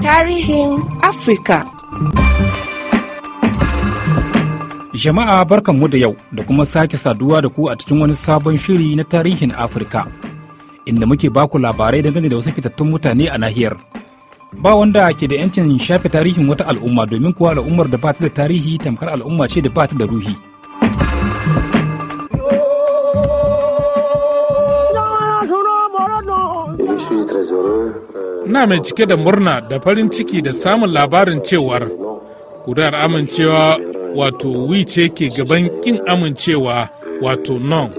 Tarihin Afrika Jama'a barkanmu da yau da kuma sake saduwa da ku a cikin wani sabon shiri na tarihin Afirka, inda muke baku labarai dangane da wasu fitattun mutane a nahiyar. Ba wanda ke da 'yancin shafe tarihin wata al'umma domin kuwa al'ummar da ba ta da tarihi tamkar al'umma ce da ba ta da ruhi. Shi ina mai cike da murna da farin ciki da samun labarin cewar kudar amincewa wato wi ce ke gaban kin amincewa wato non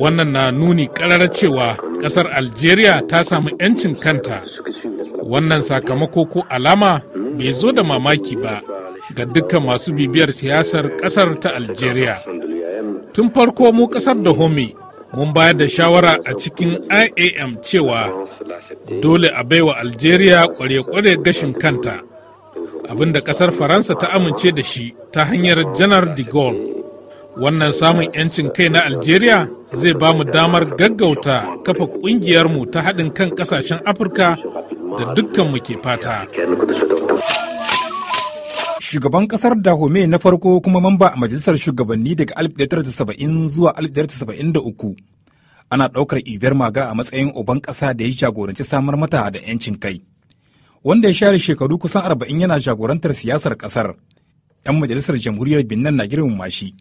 wannan na nuni karara cewa kasar algeria ta samu 'yancin kanta wannan sakamako ko alama bai zo da mamaki ba ga dukkan masu bibiyar siyasar kasar ta algeria tun farko mu kasar da homi mun bayar da shawara a cikin iam cewa dole a baiwa algeria kware-kware gashin kanta abinda kasar faransa ta amince da shi ta hanyar janar de gaulle wannan samun 'yancin kai na algeria zai ba mu damar gaggauta kafa mu ta haɗin kan ƙasashen afirka da dukkan mu ke fata shugaban kasar home na farko kuma mamba a majalisar shugabanni daga 1970 zuwa 1973. Ana ɗaukar Ibiyar Maga a matsayin uban ƙasa da ya jagoranci samar mata da 'yancin kai. Wanda ya share shekaru kusan arba'in yana jagorantar siyasar ƙasar. 'Yan majalisar jamhuriyar Binnan na girmama shi,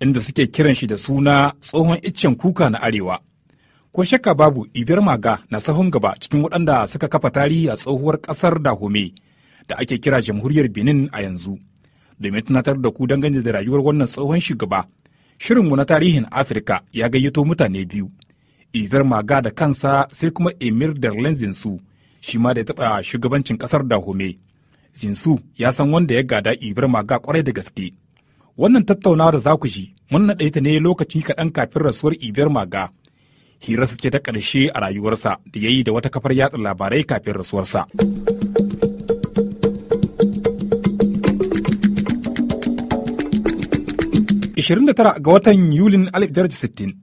inda suke kiran shi da suna tsohon iccen kuka na Arewa. Ko shakka babu Ibiyar Maga na sahun gaba cikin waɗanda suka kafa tarihi a tsohuwar ƙasar home. da ake kira jamhuriyar benin a yanzu domin tunatar da ku dangane da rayuwar wannan tsohon shugaba shirinmu na tarihin afirka ya gayyato mutane biyu ivar maga da kansa sai kuma emir darlen zinsu shi ma da ya taɓa shugabancin ƙasar dahome zinsu ya san wanda ya gada ivar maga kwarai da gaske wannan tattaunawa da za ku ji mun naɗe ta ne lokacin kaɗan kafin rasuwar ibiyar maga hirarsa ce ta ƙarshe a rayuwarsa da ya yi da wata kafar yatsa labarai kafin rasuwarsa. 29 ga watan Yulin 1960,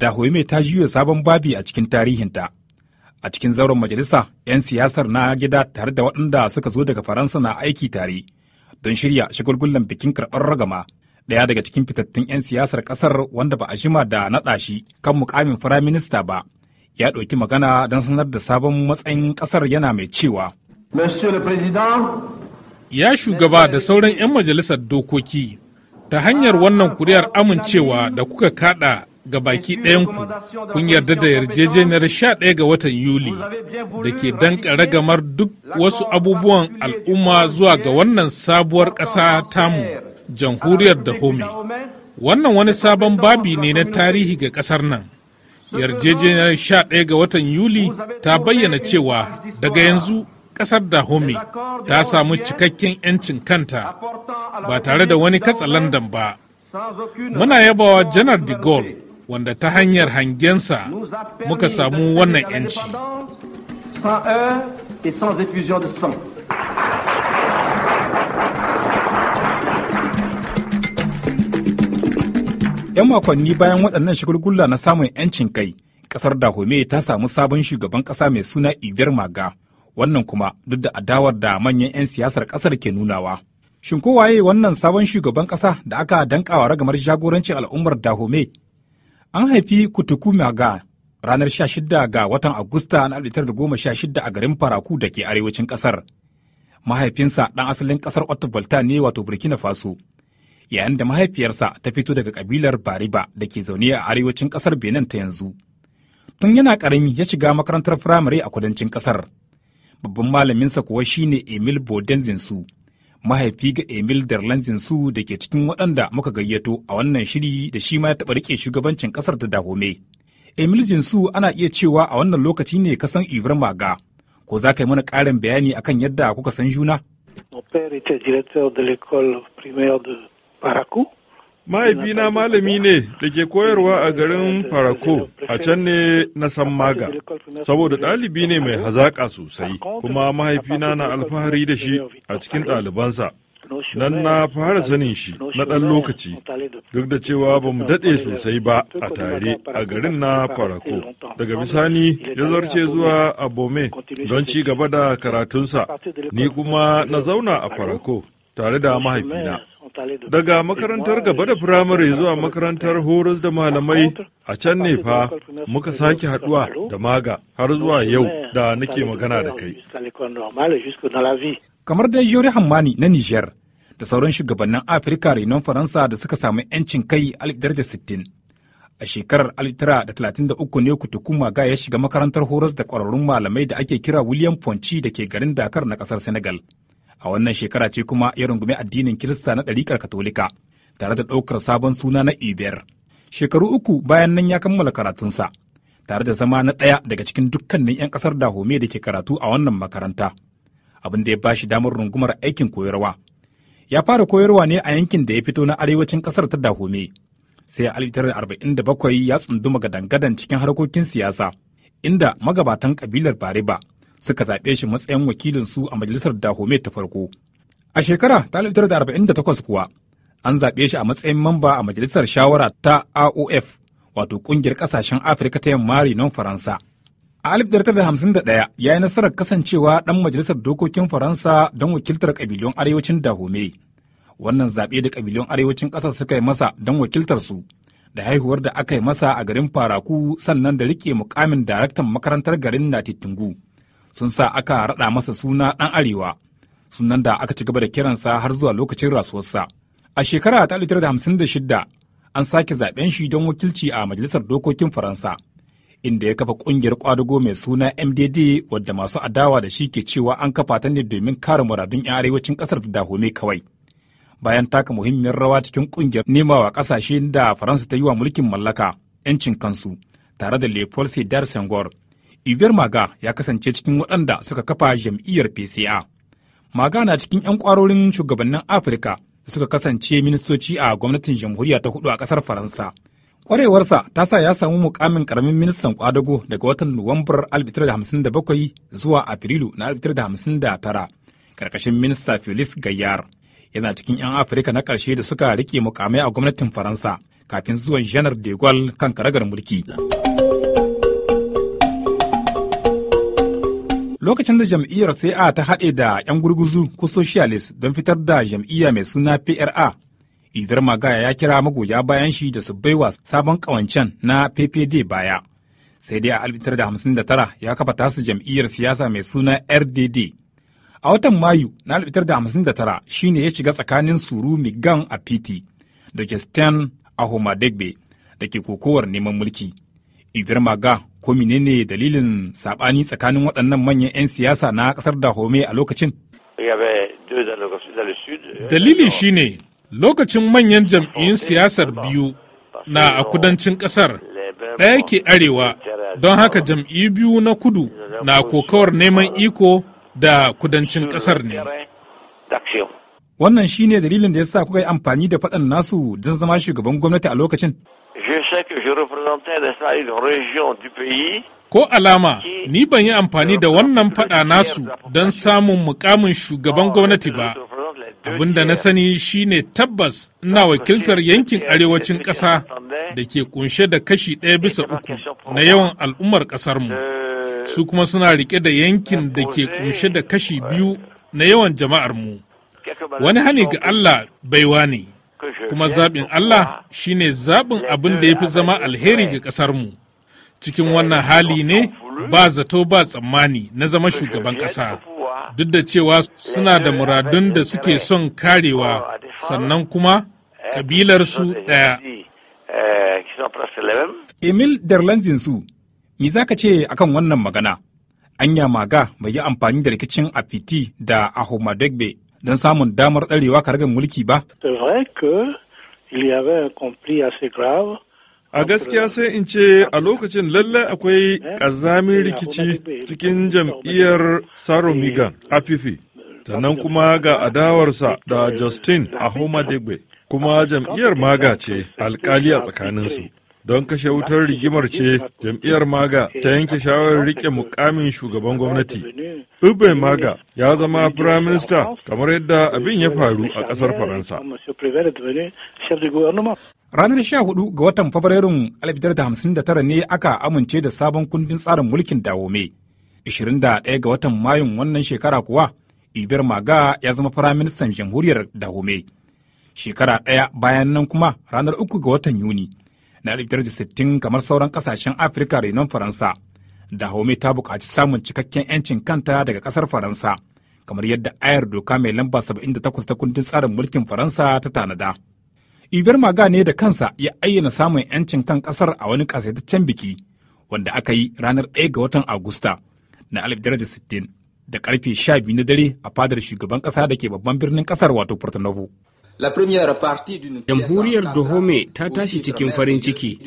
da Hoime ta juya sabon babi a cikin tarihinta. A cikin zauren majalisa, 'yan siyasar na gida tare da waɗanda suka zo daga Faransa na aiki tare don shirya shagulgullan bikin karɓar ragama. Ɗaya daga cikin fitattun 'yan siyasar ƙasar wanda ba a jima da naɗa shi kan mukamin firaminista ba, ya ɗauki magana don sanar da sabon matsayin ƙasar yana mai cewa. Ya shugaba da sauran 'yan majalisar dokoki, ta hanyar wannan kuri'ar amincewa da kuka kada ga baki ɗayanku kun yarda da yarjejeniyar sha ɗaya ga watan yuli da ke danka ragamar duk wasu abubuwan al'umma zuwa ga wannan sabuwar ƙasa tamu jamhuriyar da home wannan wani sabon babi ne na tarihi ga ƙasar nan yarjejeniyar sha ɗaya ga watan yuli ta bayyana cewa daga yanzu kasar Dahomey ta samu cikakken 'yancin kanta ba tare da wani katsalandan ba. Muna yabawa janar de Gaulle wanda ta hanyar hangensa muka samu wannan 'yanci. ‘Yan makonni bayan waɗannan shagulgula na samun ‘yancin kai, ƙasar Dahomey ta samu sabon shugaban ƙasa mai suna Ibiyar Maga. wannan kuma duk da adawar da manyan 'yan siyasar ƙasar ke nunawa. Shin ko waye wannan sabon shugaban ƙasa da aka dankawa ragamar jagorancin al'ummar Dahome? An haifi Kutuku ga ranar 16 ga watan Agusta na da goma 1916 a garin Faraku da ke arewacin ƙasar. Mahaifinsa ɗan asalin ƙasar Otto ne wato Burkina Faso. Yayin da mahaifiyarsa ta fito daga ƙabilar Bariba da ke zaune a arewacin ƙasar Benin ta yanzu. Tun yana ƙarami ya shiga makarantar firamare a kudancin ƙasar. babban malaminsa kuwa shine emil boden zinsu mahaifi ga emil darlan zinsu da ke cikin waɗanda muka gayyato a wannan shiri da shi ma ya taɓa riƙe shugabancin ƙasar ta dahome emil zinsu ana iya cewa a wannan lokaci ne ka san ibar maga ko za ka yi mana ƙarin bayani akan yadda kuka san juna mon père était directeur de l'école primaire de Mahaifina malami ne da ke koyarwa a garin Farako, a can ne na san maga, saboda ɗalibi ne mai hazaƙa sosai, kuma mahaifina na alfahari da shi a cikin ɗalibansa. Nan na fara sanin shi na ɗan lokaci, duk da cewa ba mu daɗe sosai ba a tare a garin na Farako. Daga bisani ya zarce zuwa Abome don ci gaba da karatunsa, ni kuma na zauna a Farako tare da mahaifina. Daga makarantar gaba da firamare zuwa makarantar horas da malamai a can ne fa muka sake haduwa da maga har zuwa yau da nake magana da kai. Kamar da Jori Hammani na Nijar da sauran shugabannin Afirka renon Faransa da suka samu 'yancin kai a a shekarar uku ne kutukuma ga ya shiga makarantar horas da ƙwararrun malamai da ake kira william ponci da ke garin dakar na ƙasar senegal a wannan shekara ce kuma ya rungumi addinin kirista na ɗarikar katolika tare da ɗaukar sabon suna na iber shekaru uku bayan nan ya kammala karatunsa tare da zama na ɗaya daga cikin dukkanin 'yan ƙasar dahome da ke karatu a wannan makaranta abin da ya ba shi damar rungumar aikin koyarwa ya fara koyarwa ne a yankin da ya fito na arewacin ƙasar ta dahome sai a bakwai ya tsunduma ga gadangadan cikin harkokin siyasa inda magabatan kabilar bariba suka zaɓe shi matsayin wakilin su a majalisar Dahomey ta farko. A shekara ta 1948 kuwa an zaɓe shi a matsayin mamba a majalisar shawara ta AOF wato ƙungiyar ƙasashen Afirka ta yamma renon Faransa. A 1951 ya yi nasarar kasancewa ɗan majalisar dokokin Faransa don wakiltar ƙabilun arewacin Dahomey. Wannan zaɓe da ƙabilun arewacin ƙasar suka yi masa don wakiltar su da haihuwar da aka yi masa a garin Faraku sannan da riƙe mukamin daraktan makarantar garin Natitingu sun sa aka raɗa masa suna ɗan arewa sunan da aka ci gaba da kiransa har zuwa lokacin rasuwarsa a shekara ta 1956 an sake zaben shi don wakilci a majalisar dokokin faransa inda ya kafa ƙungiyar kwadugo mai suna mdd wadda masu adawa da shi ke cewa an kafa ta ne domin kare muradun 'yan arewacin kasar da dahome kawai bayan taka muhimmiyar rawa cikin kungiyar nemawa kasashe da faransa ta yi wa mulkin mallaka 'yancin kansu tare da leopold sedar senghor Ibiyar Maga ya kasance cikin waɗanda suka kafa jam'iyyar PCA. Maga na cikin 'yan ƙwarorin shugabannin Afirka da suka kasance ministoci a gwamnatin jamhuriya ta hudu a ƙasar Faransa. Ƙwarewarsa ta sa ya samu mukamin ƙaramin ministan ƙwadago daga watan Nuwambar 1957 zuwa Afrilu na 1959 ƙarƙashin minista Felix Gayyar. Yana cikin 'yan Afirka na ƙarshe da suka riƙe mukamai a gwamnatin Faransa kafin zuwan Janar de Gaulle kan karagar mulki. lokacin da jam'iyyar CA ta haɗe da 'yan gurguzu ko socialist don fitar da jam'iyya mai suna PRA, Idar Magaya ya kira magoya bayan shi da su baiwa sabon ƙawancen na PPD baya. Sai dai a 1959 ya kafa tasu jam'iyyar siyasa mai suna RDD. A watan Mayu na 1959 shine ya shiga tsakanin Suru Migan a Piti da Stan Ahomadegbe da ke kokowar neman mulki. Idar Maga ko menene dalilin sabani tsakanin waɗannan manyan 'yan siyasa na ƙasar Dahome a lokacin? Euh, Dalili shi ne lokacin manyan jam'iyyun siyasar biyu na a kudancin ƙasar ɗaya ke arewa don haka jam'iyyu biyu na kudu na kokawar neman iko da kudancin ƙasar ne. Wannan shine dalilin da ya sa kuka yi amfani da faɗan nasu don zama shugaban gwamnati a lokacin? je sais que je représentais les région du pays Ko alama, ni ban yi amfani da wannan faɗa nasu don samun mukamin shugaban gwamnati ba, abin da na sani shine tabbas ina wakiltar yankin arewacin ƙasa da ke kunshe da kashi ɗaya bisa uku na yawan al'ummar ƙasarmu su kuma suna riƙe da yankin da ke kunshe da kashi biyu na yawan jama'armu wani hani ga allah baiwa ne kuma zaɓin Allah shi ne zaɓin abin da ya fi zama alheri ga ƙasarmu. Cikin wannan hali ne ba zato ba tsammani na zama shugaban ƙasa. Duk da cewa suna da muradun da suke son karewa sannan kuma ƙabilarsu ɗaya. Emil Derlanzinsu, mi za ka ce akan wannan magana? Anya maga bai yi amfani da rikicin Afiti da ahomadegbe don samun damar ɗarewa karagar mulki ba. A gaskiya sai in ce a lokacin lallai akwai ƙazamin rikici cikin jam'iyyar Saromigan Afifi, sannan kuma ga adawarsa da Justin homa Degbe, kuma jam'iyyar maga ce alkali a tsakaninsu. don kashe wutar rigimar ce jam'iyyar maga ta yanke shawarar rike mukamin shugaban gwamnati ube maga ya zama prime minister kamar yadda abin ya faru a kasar faransa ranar 14 ga watan fabrairun 1959 ne aka amince da sabon kundin tsarin mulkin dawome 21 ga watan mayun wannan shekara kuwa ibir maga ya zama firaministan jamhuriyar dahome shekara ɗaya bayan nan kuma ranar uku ga watan yuni na 1960 kamar sauran kasashen afirka renon faransa da haume ta buƙaci samun cikakken 'yancin kanta daga ƙasar faransa kamar yadda ayar doka mai lamba saba'in 78 ta kundin tsarin mulkin faransa ta tanada ibar maga ne da kansa ya ayyana samun 'yancin kan kasar a wani ƙasaitaccen biki wanda aka yi ranar 1 ga watan agusta na 1960 da karfe 12 na dare a fadar shugaban ƙasa da ke babban birnin ƙasar wato porto Jamhuriyar Dahome ta tashi cikin farin ciki,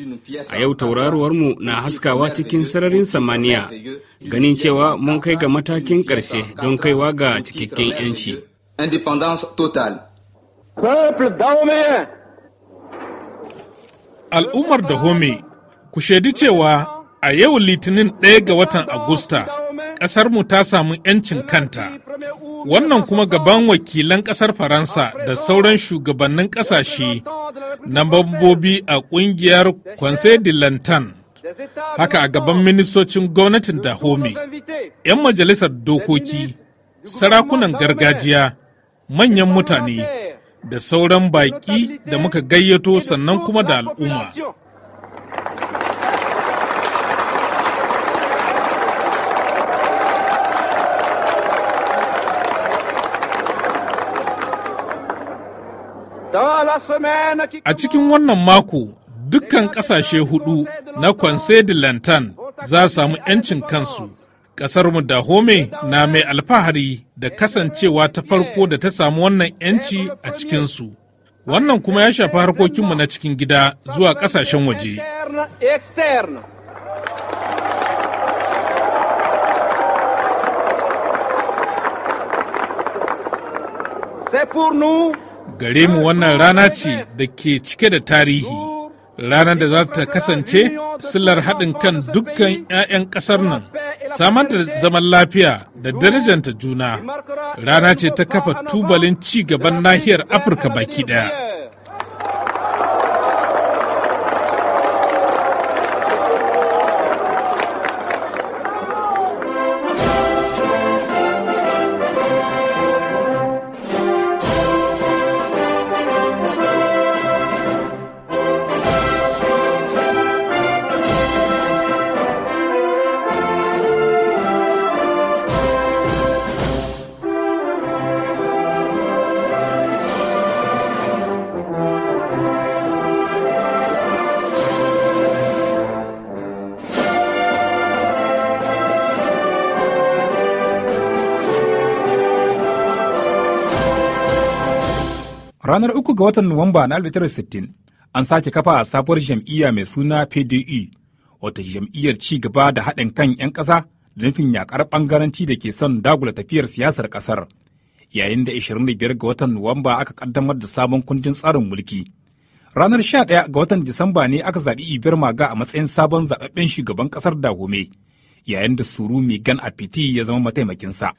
a yau tauraruwarmu na haskawa cikin sararin samaniya, ganin cewa mun kai ga matakin ƙarshe don kaiwa ga cikakken 'yanci. Al'ummar Dahome, ku shaidi cewa a yau Litinin ɗaya ga watan Agusta. ƙasarmu ta samu 'yancin kanta. Wannan kuma gaban wakilan ƙasar Faransa da sauran shugabannin ƙasashe na mambobi a ƙungiyar Conseil de Lantan. Haka a gaban ministocin gwamnatin Dahomey, 'yan majalisar dokoki, sarakunan gargajiya, manyan mutane, da sauran baƙi da muka gayyato sannan kuma da al'umma. A cikin wannan mako, dukkan ƙasashe hudu na Conseil de Lantan za samu 'yancin kansu. Ƙasarmu home na mai alfahari da kasancewa ta farko da ta samu wannan 'yanci a cikinsu. Wannan kuma ya shafi harkokinmu na cikin gida zuwa ƙasashen waje. C'est pour nous Gare mu wannan rana ce da ke cike da tarihi, ranar da za ta kasance silar haɗin kan dukkan 'ya'yan ƙasar nan, samar da zaman lafiya da darajanta juna, rana ce ta kafa tubalin ci gaban nahiyar Afirka baki ɗaya. Ranar uku ga watan Nuwamba na 1960 an sake kafa a sabuwar jam'iyya mai suna PDE, wata jam'iyyar ci gaba da haɗin kan 'yan ƙasa da nufin yaƙar ɓangaranci da ke son dagula tafiyar siyasar ƙasar. Yayin da 25 ga watan Nuwamba aka ƙaddamar da sabon kundin tsarin mulki. Ranar 11 ga watan Disamba ne aka zaɓi Ibir Maga a matsayin sabon zaɓaɓɓen shugaban ƙasar Dahome, yayin da Suru Megan Apiti ya zama mataimakinsa.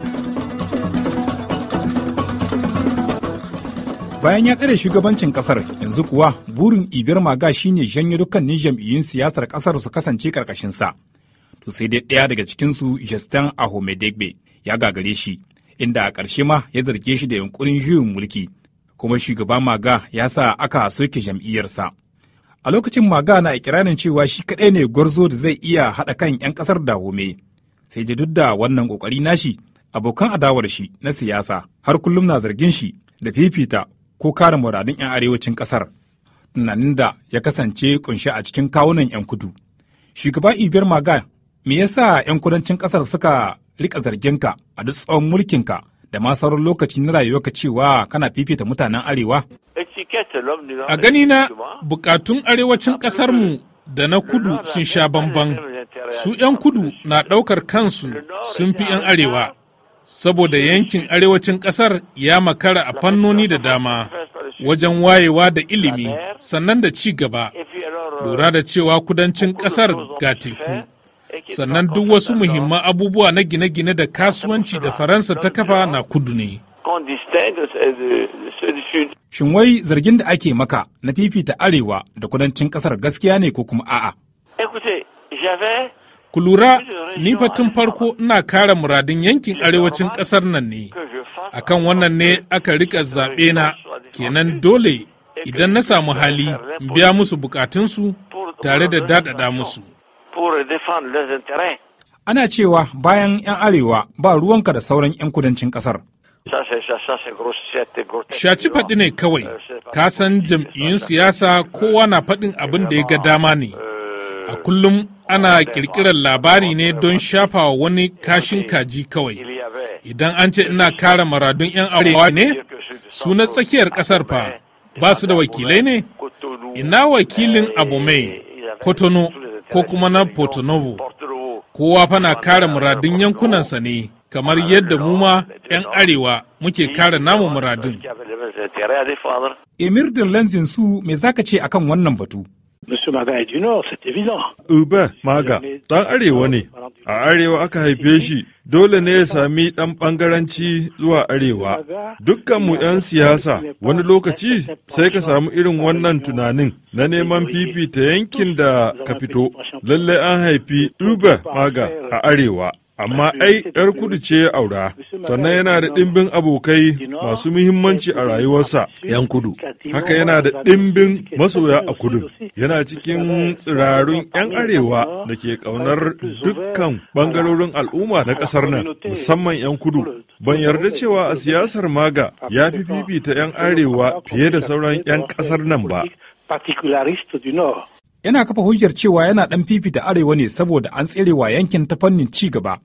bayan ya tsare shugabancin kasar yanzu kuwa burin ibir maga shine janyo dukkanin jam'iyyun siyasar kasar su kasance karkashinsa to sai dai ɗaya daga cikinsu justin ahomedegbe ya gagare shi inda a ƙarshe ma ya zarge shi da yunkurin juyin mulki kuma shugaba maga ya sa aka soke jam'iyyarsa a lokacin maga na ikirarin cewa shi kaɗai ne gwarzo da zai iya haɗa kan 'yan ƙasar da home sai dai duk da wannan ƙoƙari nashi abokan adawar shi na siyasa har kullum na zargin shi da fifita ko kare muradun 'yan arewacin kasar tunanin da ya kasance kunshi a cikin kawunan 'yan kudu shugaba ibiyar maga me yasa 'yan kudancin kasar suka rika ka a duk tsawon mulkin ka da ma sauran lokaci na ka cewa kana fifita mutanen arewa a gani na bukatun arewacin kasar mu da na kudu sun sha bamban su 'yan kudu na ɗaukar kansu sun fi 'yan arewa saboda yankin arewacin ƙasar ya makara a fannoni da dama wajen wayewa da ilimi sannan da ci gaba lura da cewa kudancin ƙasar ga teku sannan duk wasu muhimman abubuwa na gine-gine da kasuwanci da faransa ta kafa na kudu ne shin wai zargin da ake maka na fifita arewa da kudancin ƙasar gaskiya ne ko kuma a'a Ku lura, ni fatin farko ina kara muradin yankin arewacin ƙasar nan ne, akan wannan ne aka rika zaɓe na kenan dole idan na samu hali in biya musu bukatunsu tare da daɗaɗa musu. Ana cewa bayan 'yan arewa ba ruwanka da sauran 'yan kudancin ƙasar. Shaci faɗi ne kawai, euh, ka san jam'iyyun siyasa kowa na faɗin abin da ya ga dama ne. Euh, A kullum ana ƙirƙirar labari ne don shafawa wani kashin kaji kawai. Idan an ce ina kare maradun 'yan arewa ne, su na tsakiyar ƙasar fa ba su da wakilai ne? Ina wakilin abu mai, Kotono ko kuma na Porto Novo. Kowa fa na kare muradun yankunansa ne, kamar yadda mu ma 'yan arewa muke kare namu muradun. Emir da Lanzin su me zaka ce akan wannan batu? Monsieur Maga, ɗan Arewa ne, a Arewa aka haife shi, dole ne ya sami ɗan ɓangaranci zuwa Arewa. dukkan mu 'yan siyasa, wani lokaci sai ka samu irin wannan tunanin na neman fifita yankin da ka fito. Lallai an haifi Uba, Maga a Arewa. amma ai yar kudu ce ya aura sannan yana da ɗimbin abokai masu muhimmanci a rayuwarsa yan kudu haka yana da ɗimbin masoya a kudu yana cikin tsirarun yan arewa da ke ƙaunar dukkan ɓangarorin al'umma na ƙasar nan musamman yan kudu ban yarda cewa a siyasar maga ya fi fifita yan arewa fiye da sauran yan ƙasar nan ba yana kafa hujjar cewa yana ɗan fifita arewa ne saboda an tserewa yankin ta fannin ci gaba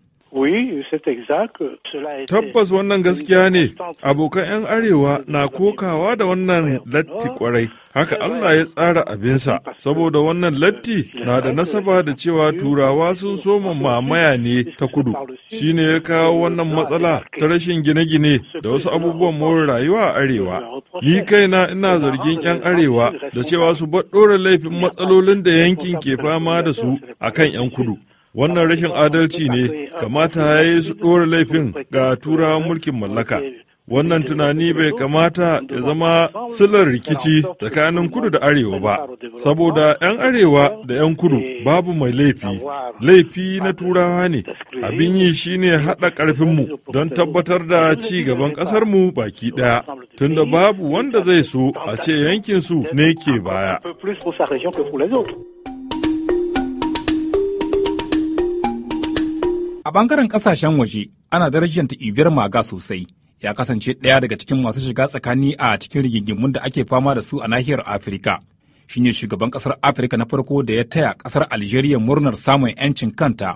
Tabbas wannan gaskiya ne, abokan 'yan Arewa na kokawa da wannan latti kwarai, haka Allah ya tsara abinsa, saboda wannan latti na da nasaba da cewa turawa sun soma mamaya ne ta kudu, shi ne ya kawo wannan matsala ta rashin gine-gine da wasu abubuwan more rayuwa a Arewa. Ni kaina ina zargin 'yan Arewa da cewa su laifin matsalolin da yankin ke fama da su a kan 'yan kudu. wannan rashin adalci ne kamata ya yi su ɗora laifin ga turawan mulkin mallaka wannan tunani bai kamata ya zama silar rikici tsakanin kudu da arewa ba saboda 'yan arewa da 'yan kudu babu mai laifi laifi na turawa ne abin yi shine haɗa ƙarfinmu don tabbatar da ci gaban ƙasarmu baki ɗaya tunda babu wanda zai so a ce yankinsu ne ke baya bangaren kasashen waje ana darajanta ibiyar maga sosai ya kasance ɗaya daga cikin masu shiga tsakani a cikin rigingimun da ake fama da su a nahiyar afirka shine shugaban kasar afirka na farko da ya taya kasar algeria murnar samun 'yancin kanta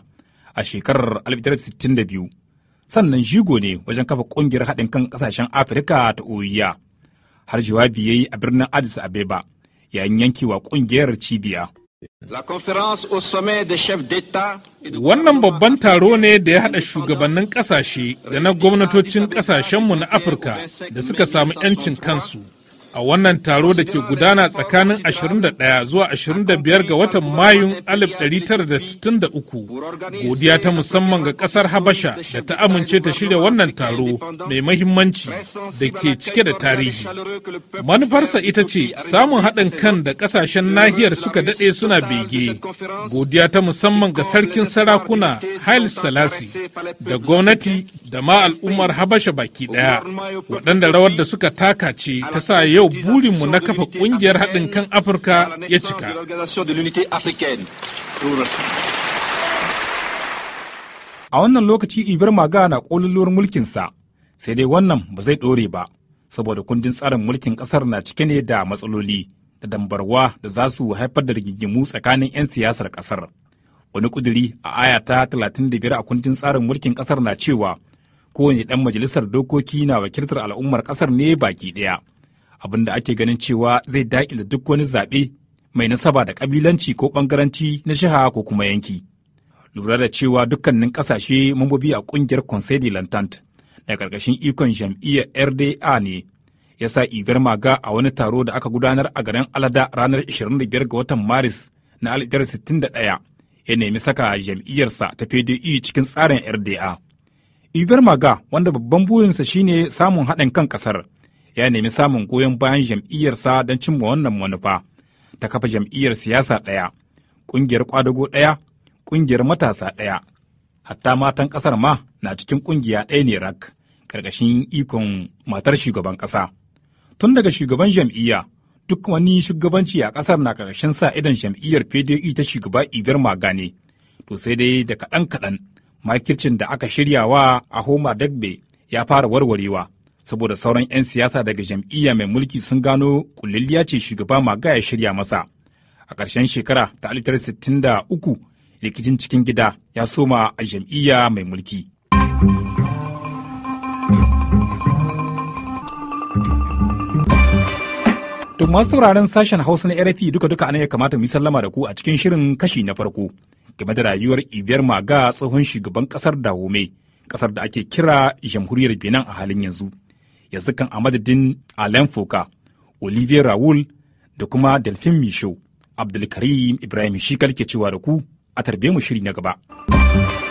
a shekarar 1962 sannan jigo ne wajen kafa kungiyar haɗin kan kasashen afirka ta oyiya har jawabi ya yi a birnin addis abeba yayin yankewa kungiyar cibiya Wannan babban taro ne da ya haɗa shugabannin ƙasashe da na gwamnatocin ƙasashenmu na Afirka da suka samu 'yancin kansu. a wannan taro da ke gudana tsakanin 21 zuwa 25 ga watan mayun 1963 godiya ta musamman ga kasar habasha da ta amince ta shirya wannan taro mai mahimmanci da ke cike da tarihi manufarsa ita ce samun haɗin kan da ƙasashen nahiyar suka daɗe suna bege godiya ta musamman ga sarkin sarakuna hail salasi da gwamnati da ma al'ummar habasha baki ɗaya waɗanda rawar da suka taka ce ta sa yau yau burinmu na kafa kungiyar haɗin kan Afirka ya cika. A wannan lokaci Ibar Maga na ƙololuwar mulkinsa, sai dai wannan ba zai ɗore ba, saboda kundin tsarin mulkin ƙasar na cike ne da matsaloli da dambarwa da za su haifar da rigingimu tsakanin 'yan siyasar ƙasar. Wani ƙuduri a aya ta 35 a kundin tsarin mulkin ƙasar na cewa kowane ɗan majalisar dokoki na wakiltar al'ummar ƙasar ne baki ɗaya abin da ake ganin cewa zai daƙile duk wani zaɓe mai nasaba da ƙabilanci ko ɓangaranci na shaha ko kuma yanki. Lura da cewa dukkanin ƙasashe mambobi a ƙungiyar Conseil de l'Entente da ƙarƙashin ikon jam'iyyar RDA ne ya sa Iber Maga a wani taro da aka gudanar a garin Alada ranar 25 ga watan Maris na 1961 ya nemi saka jam'iyyarsa ta PDI e cikin tsarin RDA. Iber Maga wanda babban burinsa shine samun haɗin kan ƙasar. ya nemi samun goyon bayan jam'iyyarsa don cimma wannan manufa ta kafa jam'iyyar siyasa ɗaya ƙungiyar ƙwadago ɗaya ƙungiyar matasa ɗaya hatta matan ƙasar ma na cikin ƙungiya ɗaya ne rak ƙarƙashin ikon matar shugaban ƙasa tun daga shugaban jam'iyya duk wani shugabanci a ƙasar na ƙarƙashin sa idan jam'iyyar pde ta shugaba ibir magane to sai dai da kaɗan kaɗan makircin da aka shirya wa a homa dagbe ya fara warwarewa saboda sauran 'yan siyasa daga jam'iyya mai mulki sun gano kulliliya ce shugaba maga ya shirya masa a ƙarshen shekara ta da sittin uku rikicin cikin gida ya soma a jam'iyya mai mulki duk masu sauraron sashen hausa na rfi duka-duka anan ya kamata mu sallama da ku a cikin shirin kashi na farko game da rayuwar ibiyar maga tsohon shugaban kasar dahome kasar da ake kira jamhuriyar benin a halin yanzu yanzu kan a madadin Alain Foka, Olivier Raoul da kuma Delphine Michaud, Abdulkarim Ibrahim shi ke cewa da ku a tarbe mu shiri na gaba.